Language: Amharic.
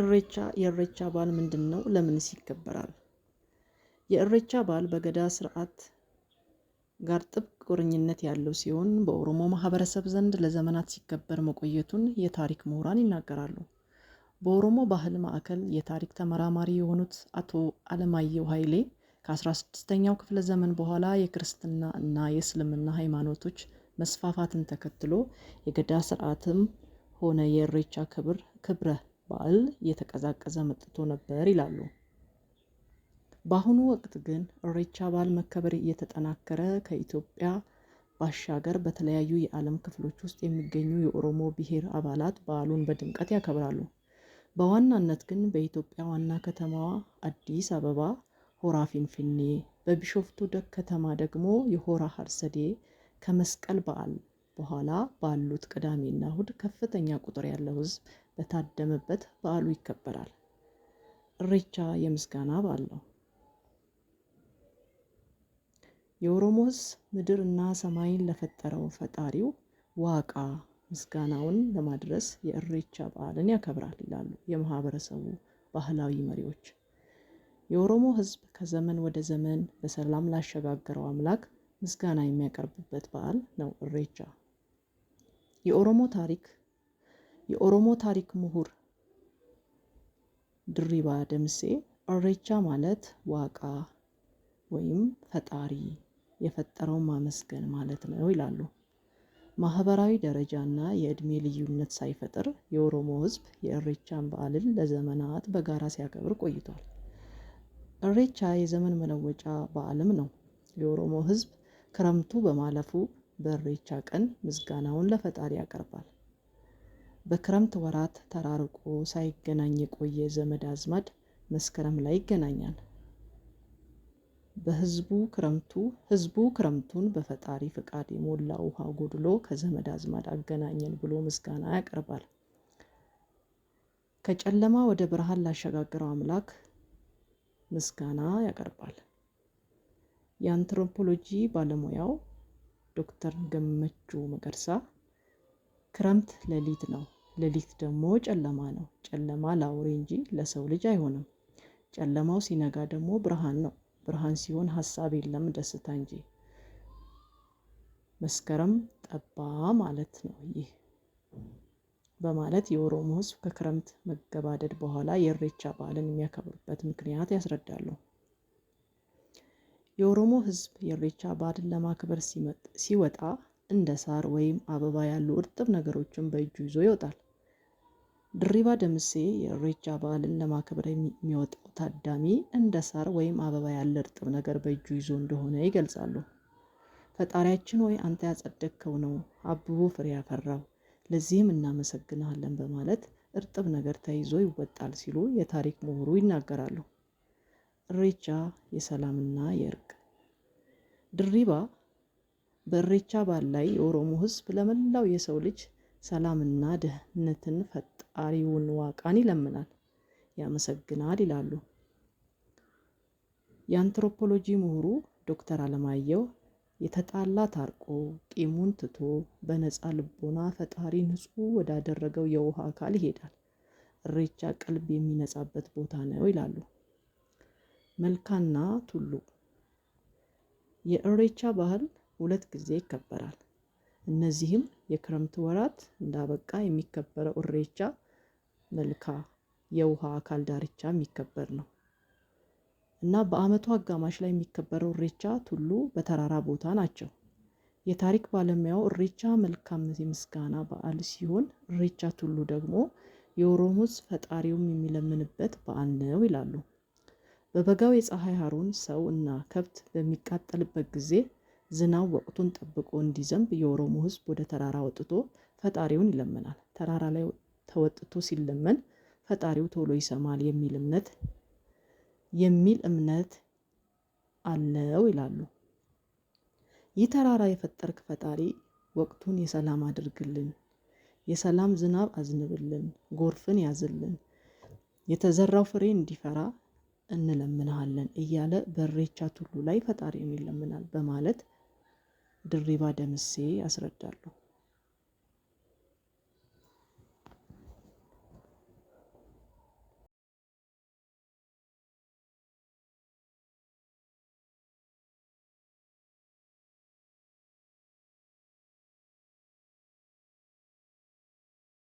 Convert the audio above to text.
እሬቻ የእሬቻ በዓል ምንድን ነው? ለምንስ ይከበራል? የእሬቻ በዓል በገዳ ስርዓት ጋር ጥብቅ ቁርኝነት ያለው ሲሆን በኦሮሞ ማህበረሰብ ዘንድ ለዘመናት ሲከበር መቆየቱን የታሪክ ምሁራን ይናገራሉ። በኦሮሞ ባህል ማዕከል የታሪክ ተመራማሪ የሆኑት አቶ አለማየሁ ኃይሌ ከ16ኛው ክፍለ ዘመን በኋላ የክርስትና እና የእስልምና ሃይማኖቶች መስፋፋትን ተከትሎ የገዳ ስርዓትም ሆነ የእሬቻ ክብር ክብረ በዓል እየተቀዛቀዘ መጥቶ ነበር ይላሉ። በአሁኑ ወቅት ግን እሬቻ በዓል መከበር እየተጠናከረ ከኢትዮጵያ ባሻገር በተለያዩ የዓለም ክፍሎች ውስጥ የሚገኙ የኦሮሞ ብሔር አባላት በዓሉን በድምቀት ያከብራሉ። በዋናነት ግን በኢትዮጵያ ዋና ከተማዋ አዲስ አበባ ሆራ ፊንፊኔ፣ በቢሾፍቱ ደግ ከተማ ደግሞ የሆራ ሐርሰዴ ከመስቀል በዓል በኋላ ባሉት ቅዳሜና እሁድ ከፍተኛ ቁጥር ያለው ሕዝብ በታደመበት በዓሉ ይከበራል። እሬቻ የምስጋና በዓል ነው። የኦሮሞ ሕዝብ ምድር እና ሰማይን ለፈጠረው ፈጣሪው ዋቃ ምስጋናውን ለማድረስ የእሬቻ በዓልን ያከብራል ይላሉ የማህበረሰቡ ባህላዊ መሪዎች። የኦሮሞ ሕዝብ ከዘመን ወደ ዘመን በሰላም ላሸጋገረው አምላክ ምስጋና የሚያቀርብበት በዓል ነው እሬቻ። የኦሮሞ ታሪክ የኦሮሞ ታሪክ ምሁር ድሪባ ደምሴ እሬቻ ማለት ዋቃ ወይም ፈጣሪ የፈጠረውን ማመስገን ማለት ነው ይላሉ። ማህበራዊ ደረጃ እና የእድሜ ልዩነት ሳይፈጥር የኦሮሞ ህዝብ የእሬቻን በዓልን ለዘመናት በጋራ ሲያከብር ቆይቷል። እሬቻ የዘመን መለወጫ በዓልም ነው። የኦሮሞ ህዝብ ክረምቱ በማለፉ በእሬቻ ቀን ምስጋናውን ለፈጣሪ ያቀርባል። በክረምት ወራት ተራርቆ ሳይገናኝ የቆየ ዘመድ አዝማድ መስከረም ላይ ይገናኛል። በህዝቡ ክረምቱ ህዝቡ ክረምቱን በፈጣሪ ፍቃድ የሞላ ውሃ ጎድሎ ከዘመድ አዝማድ አገናኘን ብሎ ምስጋና ያቀርባል። ከጨለማ ወደ ብርሃን ላሸጋገረው አምላክ ምስጋና ያቀርባል። የአንትሮፖሎጂ ባለሙያው ዶክተር ገመቹ መገርሳ ክረምት ሌሊት ነው። ሌሊት ደግሞ ጨለማ ነው። ጨለማ ለአውሬ እንጂ ለሰው ልጅ አይሆንም። ጨለማው ሲነጋ ደግሞ ብርሃን ነው። ብርሃን ሲሆን ሀሳብ የለም ደስታ እንጂ። መስከረም ጠባ ማለት ነው ይህ በማለት የኦሮሞ ሕዝብ ከክረምት መገባደድ በኋላ የእሬቻ በዓልን የሚያከብርበት ምክንያት ያስረዳሉ። የኦሮሞ ሕዝብ የእሬቻ በዓልን ለማክበር ሲወጣ እንደ ሳር ወይም አበባ ያሉ እርጥብ ነገሮችን በእጁ ይዞ ይወጣል። ድሪባ ደምሴ የኢሬቻ በዓልን ለማክበር የሚወጣው ታዳሚ እንደ ሳር ወይም አበባ ያለ እርጥብ ነገር በእጁ ይዞ እንደሆነ ይገልጻሉ። ፈጣሪያችን ወይ አንተ ያጸደቅከው ነው፣ አብቦ ፍሬ ያፈራው፣ ለዚህም እናመሰግንሃለን በማለት እርጥብ ነገር ተይዞ ይወጣል ሲሉ የታሪክ ምሁሩ ይናገራሉ። ኢሬቻ የሰላምና የእርቅ ድሪባ በእሬቻ በዓል ላይ የኦሮሞ ሕዝብ ለመላው የሰው ልጅ ሰላምና ደህንነትን ፈጣሪውን ዋቃን ይለምናል፣ ያመሰግናል ይላሉ። የአንትሮፖሎጂ ምሁሩ ዶክተር አለማየሁ የተጣላ ታርቆ ቂሙን ትቶ በነፃ ልቦና ፈጣሪ ንጹሕ ወዳደረገው የውሃ አካል ይሄዳል። እሬቻ ቀልብ የሚነጻበት ቦታ ነው ይላሉ። መልካና ቱሉ የእሬቻ ባህል ሁለት ጊዜ ይከበራል። እነዚህም የክረምት ወራት እንዳበቃ የሚከበረው እሬቻ መልካ የውሃ አካል ዳርቻ የሚከበር ነው እና በዓመቱ አጋማሽ ላይ የሚከበረው እሬቻ ቱሉ በተራራ ቦታ ናቸው። የታሪክ ባለሙያው እሬቻ መልካም የምስጋና በዓል ሲሆን እሬቻ ቱሉ ደግሞ የኦሮሞስ ፈጣሪውም የሚለምንበት በዓል ነው ይላሉ። በበጋው የፀሐይ ሀሩን ሰው እና ከብት በሚቃጠልበት ጊዜ ዝናብ ወቅቱን ጠብቆ እንዲዘንብ የኦሮሞ ህዝብ ወደ ተራራ ወጥቶ ፈጣሪውን ይለምናል። ተራራ ላይ ተወጥቶ ሲለመን ፈጣሪው ቶሎ ይሰማል የሚል እምነት የሚል እምነት አለው ይላሉ። ይህ ተራራ የፈጠርክ ፈጣሪ ወቅቱን የሰላም አድርግልን፣ የሰላም ዝናብ አዝንብልን፣ ጎርፍን ያዝልን፣ የተዘራው ፍሬ እንዲፈራ እንለምንሃለን እያለ በሬቻ ቱሉ ላይ ፈጣሪውን ይለምናል በማለት ድሪባ ደምሴ ያስረዳሉ።